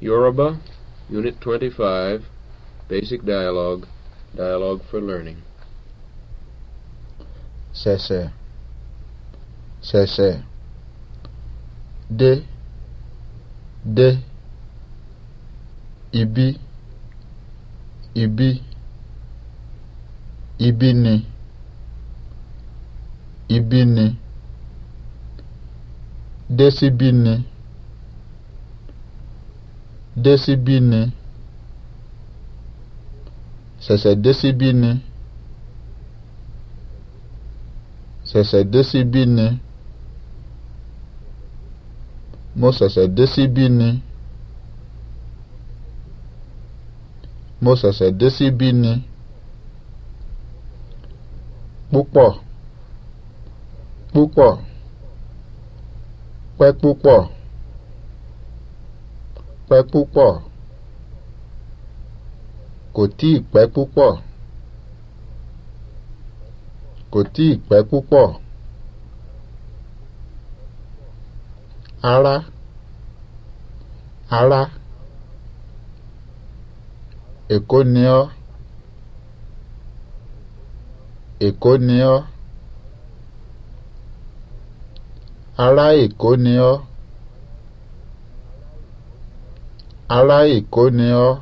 Yoruba, Unit 25, Basic Dialogue, Dialogue for Learning. Sese. Sese. De. De. Ibi. Ibi. ibini, ibini, desibini. dé síbí ni ṣẹ̀ṣẹ̀ dé síbí ni ṣẹ̀ṣẹ̀ dé síbí ni mo ṣẹ̀ṣẹ̀ dé síbí ni mo ṣẹ̀ṣẹ̀ dé síbí ni púpọ̀ púpọ̀ pẹ́ púpọ̀ pẹ́ púpọ̀ kò tíì pẹ́ púpọ̀ kò tíì pẹ́ púpọ̀ ara ara èkó ni ọ́ èkó ni ọ́ ará èkó ni ọ́. ará Èkó ni ọ́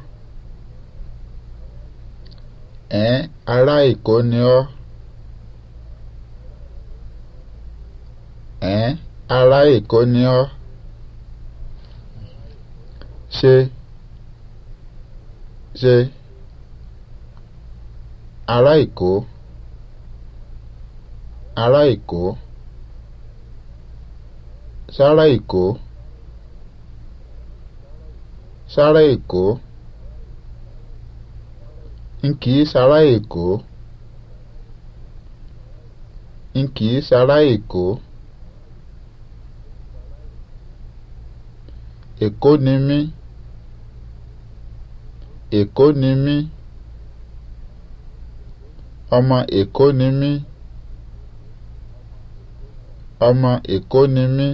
ẹ̀ẹ́n ará Èkó ni ọ́ ẹ̀ẹ́n ará Èkó ni ọ́ ṣe ṣe ará Èkó ará Èkó sára Èkó. sára Èkó n kì í sára Èkó n kì í sára Èkó Èkó ni mí Èkó ni mí ọmọ Èkó ni mí ọmọ Èkó ni mí.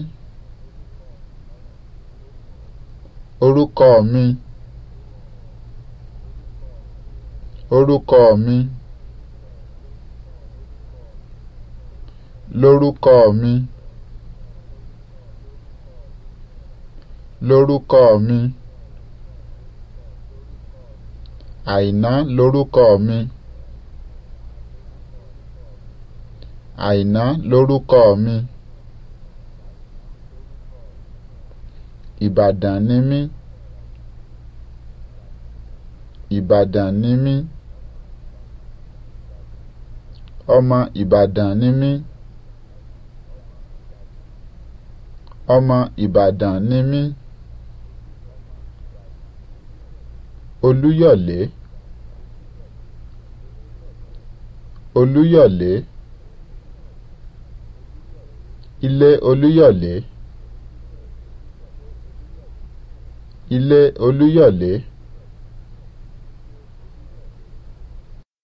orúkọ mi orúkọ mi lórúkọ mi lórúkọ mi àìná lórúkọ mi àìná lórúkọ mi. Ìbàdàn ni mí. Ìbàdàn ni mí. Ọmọ Ìbàdàn ni mí. Ọmọ Ìbàdàn ni mí. Olúyọ̀lé. Olúyọ̀lé. Ilé Olúyọ̀lé. ilé Olúyọ̀lé